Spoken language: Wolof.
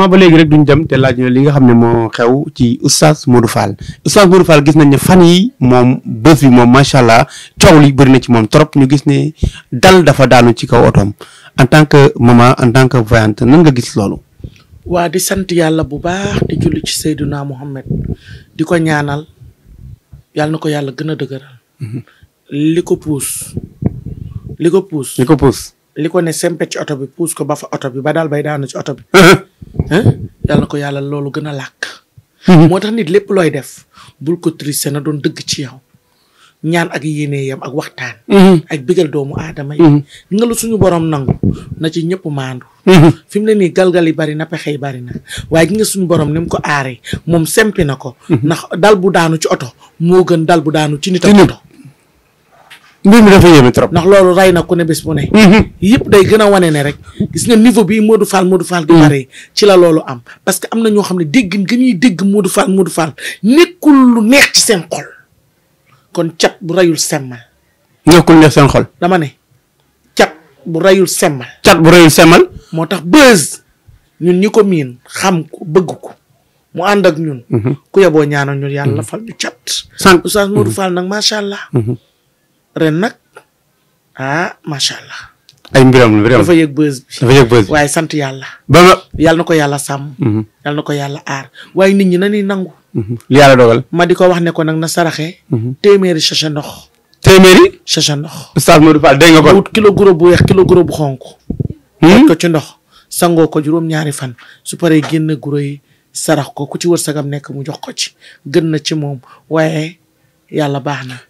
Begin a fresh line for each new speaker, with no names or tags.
moment ba léegi rek duñ dem te laaj li nga xam ne moo xew ci oustaz Modou Fall oustaz Modou Fall gis nañ ne fan yi moom bés bi moom macha allah coow li bëri na ci moom trop ñu gis ne dal dafa daanu ci kaw otoom en tant que maman en tant que voyante nan nga gis
waa sant yàlla bu baax di julli ci Seydina Mohamed di ko ñaanal yàlla na ko yàlla gën a dëgëral. li ko puus li ko puus. li ko ne sempe ci oto bi puus ko ba fa oto bi ba daal bay daanu ci oto bi yàlla na ko yàlla loolu gën a làkk mhm. moo tax nit lépp looy def bul ko triste na doon dëgg ci yow ñaan ak yéene yam ak waxtaan mhm. ak bigal doomu aadama yi mhm. nga lu suñu borom nangu na ci ñëpp maandu fi mu ne nii galgal yi bari na pexe yi bari na waaye gi nga suñu borom ni ko aaree moom sempi na ko ndax dal bu daanu ci oto moo gën dal bu daanu ci nit ak oto mbir mi dafa ndax loolu rey na ku ne bés bu ne. Mhm. yëpp day gën a wane ne rek gis nga niveau bii Modou Fall Modou Fall di mhm. bare ci la loolu am parce que am na ñoo xam ne dégg nga ñuy dégg Modou Fall Modou Fall nekkul lu neex ci seen xol kon cat bu rayul semmal.
nekkul neex seen xol.
dama ne cat bu rayul semmal. cat bu rayul semmal. moo tax buzz ñun ñi ko miin xam ko bëgg ko. mu ànd ak ñun. Mhm. ku yeboo ñaanal ñun yàlla fal ñu cat. sànq Oustaz Modou Fall nag macha allah. ren nag ah macha allah. ay mbiram mbiram dafa yëg bës bi waaye sant yàlla. ba nga yàlla na ko yàlla sàmm. Mhm. yàlla na ko yàlla aar waaye nit ñi na ni nangu.
Mhm. li yàlla dogal.
ma di ko wax ne nag na saraxe. Mhm. téeméeri sachet ndox. téeméeri. sachet ndox.
Oustaz Modou nga ko.
kilo guro bu weex kilo guro bu xonk. wut hmm? ko ci ndox sangoo ko juróom-ñaari fan su paree génn guro yi sarax ko ku ci wërsëgam nekk mu jox ko ci gën na ci moom waaye yàlla baax na.